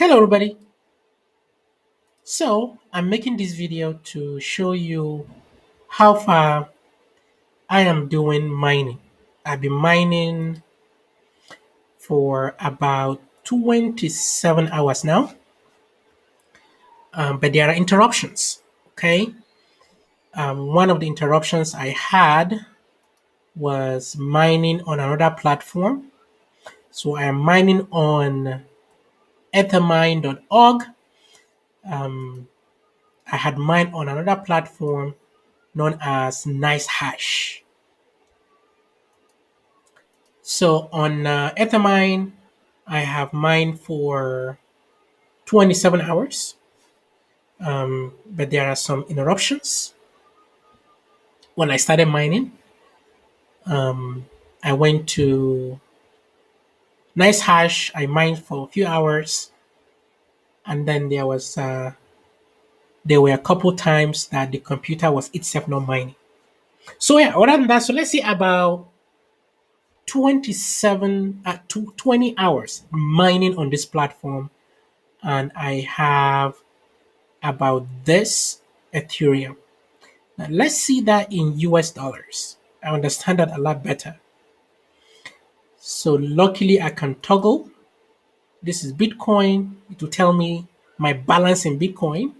Hello everybody. So I'm making this video to show you how far I am doing mining. I've been mining for about 27 hours now. Um, but there are interruptions, okay? Um, one of the interruptions I had was mining on another platform. So I am mining on ethermine.org. Um, I had mine on another platform known as NiceHash. So on uh, Ethermine, I have mine for 27 hours, um, but there are some interruptions. When I started mining, um, I went to nice hash. I mined for a few hours, and then there was uh, there were a couple times that the computer was itself not mining. So yeah, other than that, so let's say about 27 at uh, 20 hours mining on this platform, and I have about this Ethereum. Now let's see that in US dollars. I understand that a lot better. So luckily I can toggle. This is Bitcoin. It will tell me my balance in Bitcoin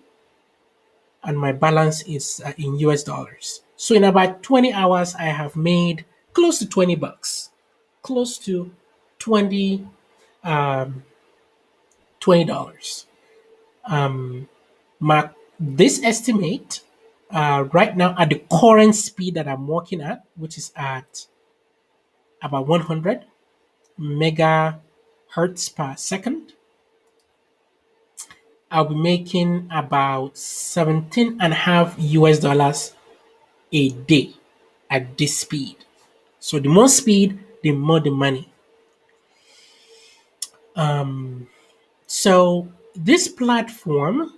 and my balance is uh, in US dollars. So in about 20 hours, I have made close to 20 bucks, close to 20, um, $20. Um, my, this estimate uh, right now at the current speed that I'm working at, which is at about 100 megahertz per second. I'll be making about 17 and a half US dollars a day at this speed. So the more speed, the more the money. Um, so this platform,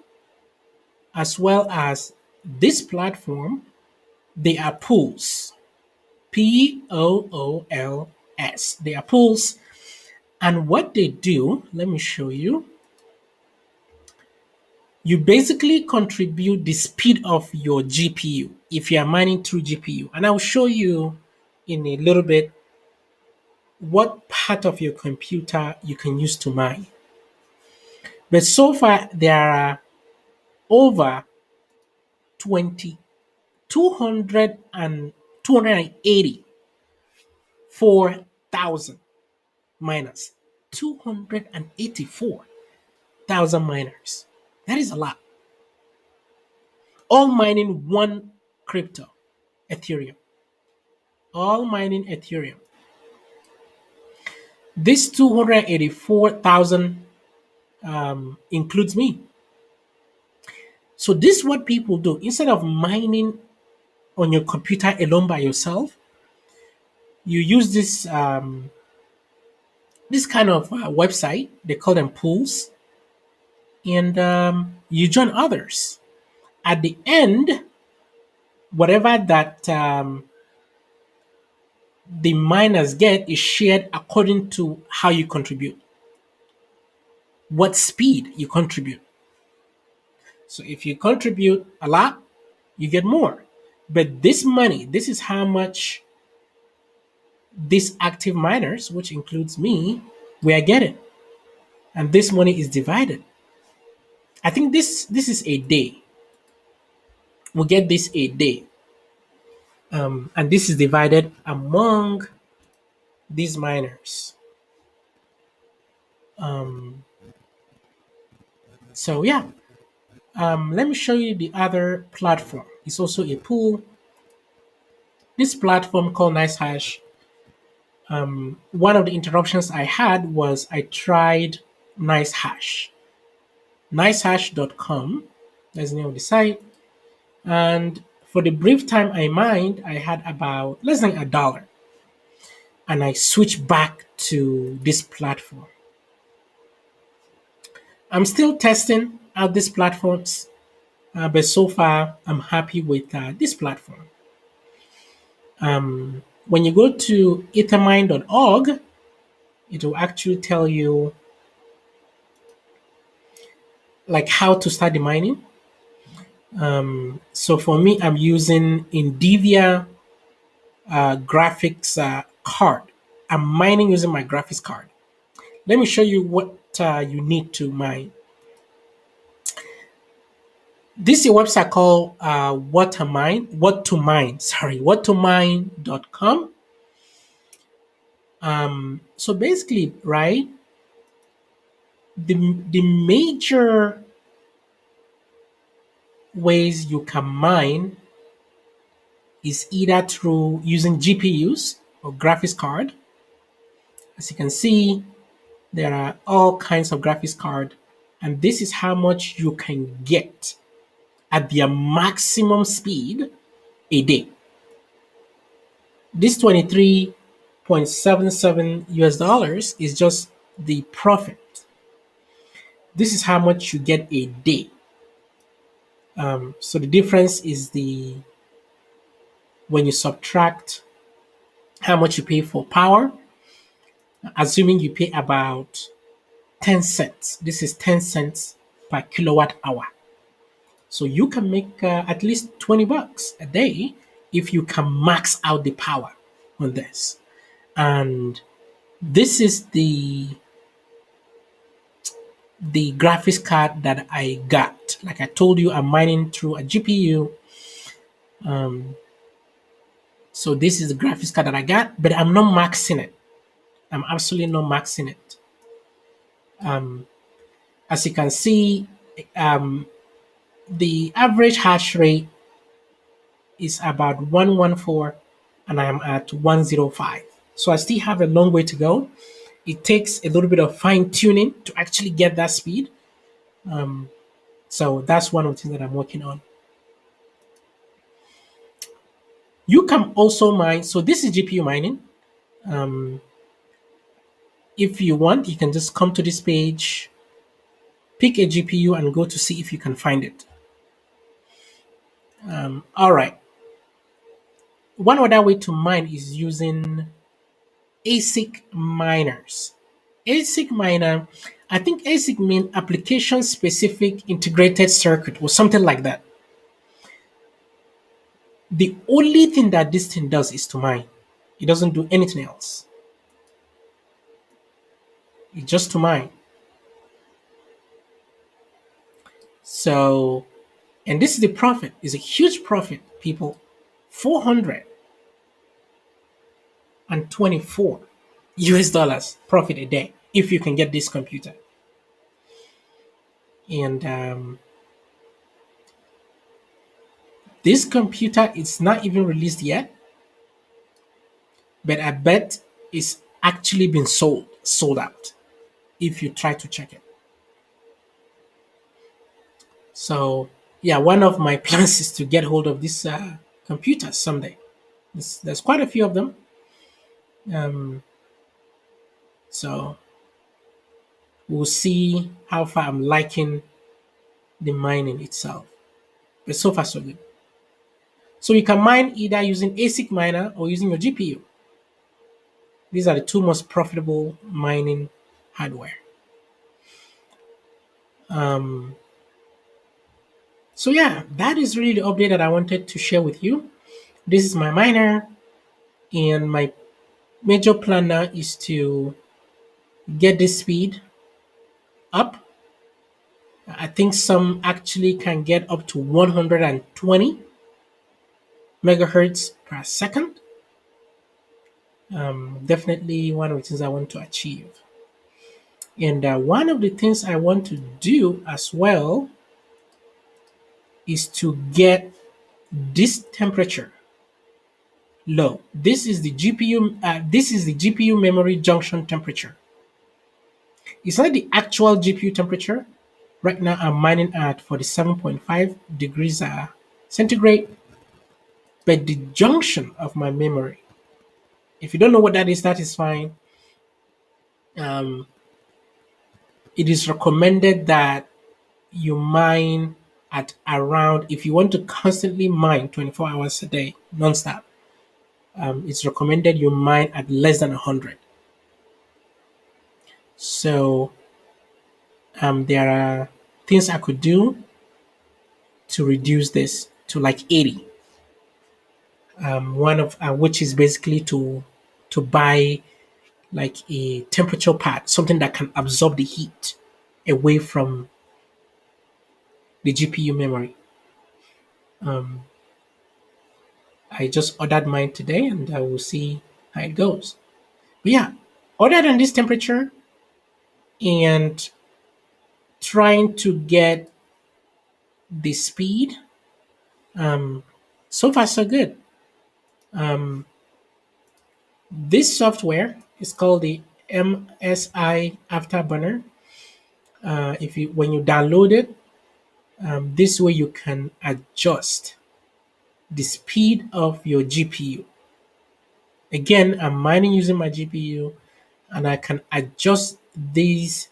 as well as this platform, they are pools. P O O L S. They are pools. And what they do, let me show you. You basically contribute the speed of your GPU if you are mining through GPU. And I'll show you in a little bit what part of your computer you can use to mine. But so far, there are over 20, 200 and 284,000 miners. 284,000 miners. That is a lot. All mining one crypto, Ethereum. All mining Ethereum. This 284,000 um, includes me. So this is what people do. Instead of mining on your computer alone by yourself, you use this um, this kind of uh, website. They call them pools, and um, you join others. At the end, whatever that um, the miners get is shared according to how you contribute, what speed you contribute. So if you contribute a lot, you get more. But this money, this is how much these active miners, which includes me, we are getting. And this money is divided. I think this this is a day. We get this a day. Um, and this is divided among these miners. Um, so yeah, um, let me show you the other platform. It's also a pool. This platform called NiceHash, um, one of the interruptions I had was I tried NiceHash. NiceHash.com, that's the name of the site. And for the brief time I mined, I had about less than a dollar. And I switched back to this platform. I'm still testing out these platforms, uh, but so far I'm happy with uh, this platform. Um, when you go to ethermine.org, it will actually tell you like how to start the mining. Um, so for me, I'm using Nvidia uh, graphics uh, card. I'm mining using my graphics card. Let me show you what uh, you need to mine this is a website called uh, what to mine what to mine sorry what to mine.com um, so basically right the, the major ways you can mine is either through using gpus or graphics card as you can see there are all kinds of graphics card and this is how much you can get at their maximum speed a day. This 23.77 US dollars is just the profit. This is how much you get a day. Um, so the difference is the when you subtract how much you pay for power, assuming you pay about 10 cents. This is 10 cents per kilowatt hour. So you can make uh, at least 20 bucks a day if you can max out the power on this. And this is the the graphics card that I got. Like I told you, I'm mining through a GPU. Um, so this is the graphics card that I got, but I'm not maxing it. I'm absolutely not maxing it. Um, as you can see, um, the average hash rate is about 114 and I am at 105. So I still have a long way to go. It takes a little bit of fine tuning to actually get that speed. Um, so that's one of the things that I'm working on. You can also mine. So this is GPU mining. Um, if you want, you can just come to this page, pick a GPU and go to see if you can find it. Um, all right. One other way to mine is using ASIC miners. ASIC miner, I think ASIC means application specific integrated circuit or something like that. The only thing that this thing does is to mine. It doesn't do anything else. It's just to mine. So and this is the profit, is a huge profit, people. 424 US dollars profit a day if you can get this computer. And um, this computer is not even released yet, but I bet it's actually been sold, sold out if you try to check it. So yeah, one of my plans is to get hold of these uh, computers someday. There's, there's, quite a few of them. Um, so we'll see how far I'm liking the mining itself. But so far, so good. So you can mine either using ASIC miner or using your GPU. These are the two most profitable mining hardware. Um, so yeah, that is really the update that I wanted to share with you. This is my minor and my major plan now is to get the speed up. I think some actually can get up to 120 megahertz per second. Um, definitely one of the things I want to achieve. And uh, one of the things I want to do as well is to get this temperature low. This is the GPU. Uh, this is the GPU memory junction temperature. It's not the actual GPU temperature. Right now, I'm mining at 47.5 degrees uh, centigrade. But the junction of my memory, if you don't know what that is, that is fine. Um, it is recommended that you mine at around, if you want to constantly mine 24 hours a day, nonstop, um, it's recommended you mine at less than 100. So um, there are things I could do to reduce this to like 80. Um, one of uh, which is basically to to buy like a temperature pad, something that can absorb the heat away from the GPU memory. Um, I just ordered mine today and I will see how it goes. But yeah, other than this temperature and trying to get the speed, um, so far so good. Um, this software is called the MSI Afterburner. Uh, if you when you download it, um, this way you can adjust the speed of your GPU. Again, I'm mining using my GPU and I can adjust these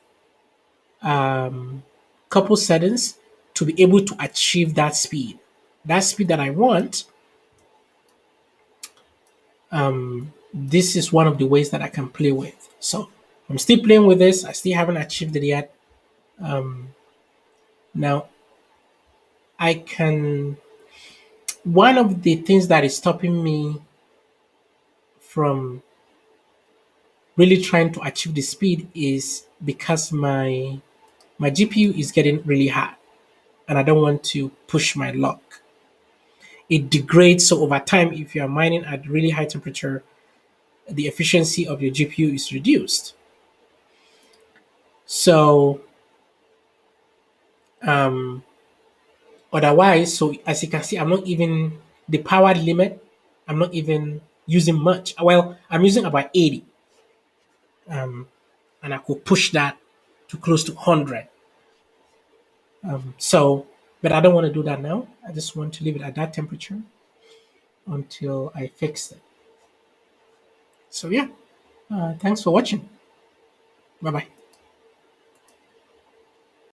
um, couple settings to be able to achieve that speed. That speed that I want, um, this is one of the ways that I can play with. So I'm still playing with this. I still haven't achieved it yet. Um, now, I can. One of the things that is stopping me from really trying to achieve the speed is because my my GPU is getting really hard and I don't want to push my luck. It degrades so over time if you are mining at really high temperature, the efficiency of your GPU is reduced. So um, Otherwise, so as you can see, I'm not even the power limit. I'm not even using much. Well, I'm using about 80. Um, and I could push that to close to 100. Um, so, but I don't want to do that now. I just want to leave it at that temperature until I fix it. So yeah, uh, thanks for watching. Bye-bye.